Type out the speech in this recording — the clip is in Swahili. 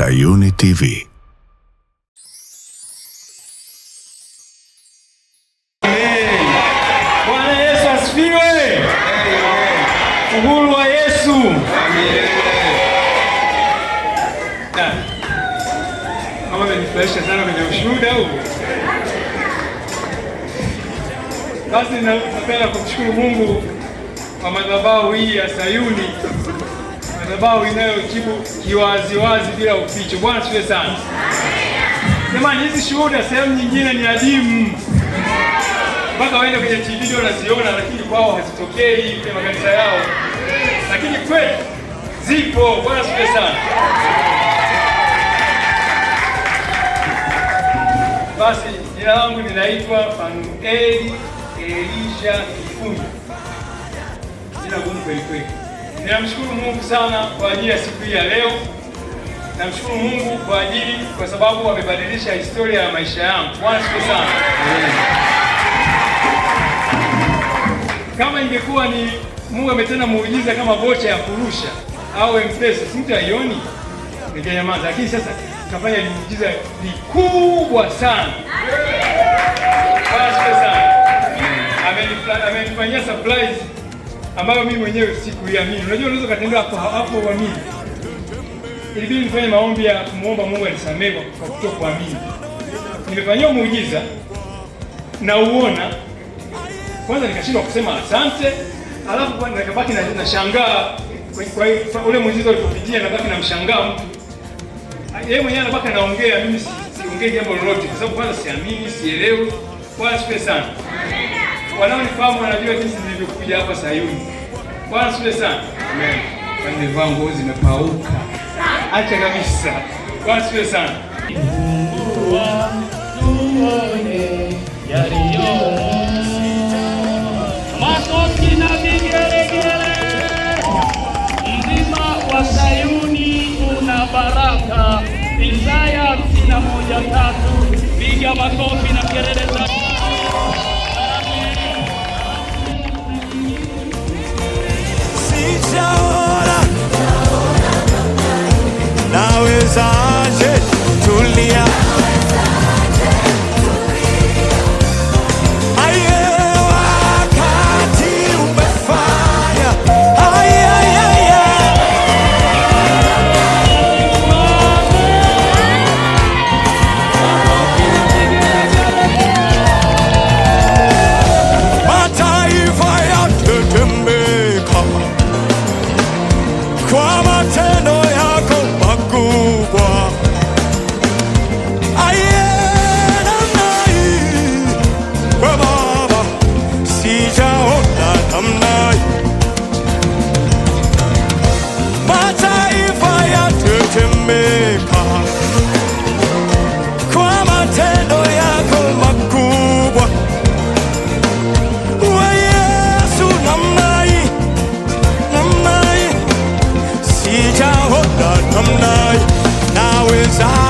Sayuni TV. Bwana Yesu asifiwe. Uhuru wa Yesu. Kama amenifurahisha Basi napenda kumshukuru Mungu kwa madhabahu hii ya Sayuni madhabahu inayojibu kiwaziwazi bila uficho. Bwana sifiwe sana. Jamani, hizi shuhuda sehemu nyingine ni adimu mpaka waende kwenye TV ndio wanaziona, lakini kwao hazitokei kwenye makanisa yao, lakini kweli zipo. Bwana sifiwe sana. Basi jina langu ninaitwa Fanueli Elisha Kifungi, jina gumu kweli kweli. Ninamshukuru Mungu sana kwa ajili ya siku hii ya leo. Namshukuru Mungu kwa ajili kwa sababu amebadilisha historia ya maisha yangu. Bwana siku sana. Kama ingekuwa ni Mungu ametenda muujiza kama vocha ya kurusha au M-Pesa, sintaioni ningeyamaza, lakini sasa kafanya muujiza mkubwa sana. Bwana siku sana. Amenifanyia surprise ambayo mimi mwenyewe sikuiamini. Unajua, unaweza ukatembea hapo hapo uamini. Ilibidi nifanye maombi ya kumwomba Mungu anisamehe kwa kutokuamini. Nimefanyia muujiza na uona, kwanza nikashindwa kusema asante, alafu nikabaki na, nashangaa kwa kwa, ule muujiza ulipopitia, nabaki namshangaa mtu yeye mwenyewe anabaki anaongea, mimi siongee jambo lolote, kwa sababu kwanza siamini, sielewi, kwa sipe sana wanaonifahamu wanajua jinsi nilivyokuja hapa Sayuni. Bwana sule sana. Amen. nguo zimepauka. Acha kabisa. Bwana sule sana. wa Sayuni una baraka. Isaya 61:3. Piga makofi. desire.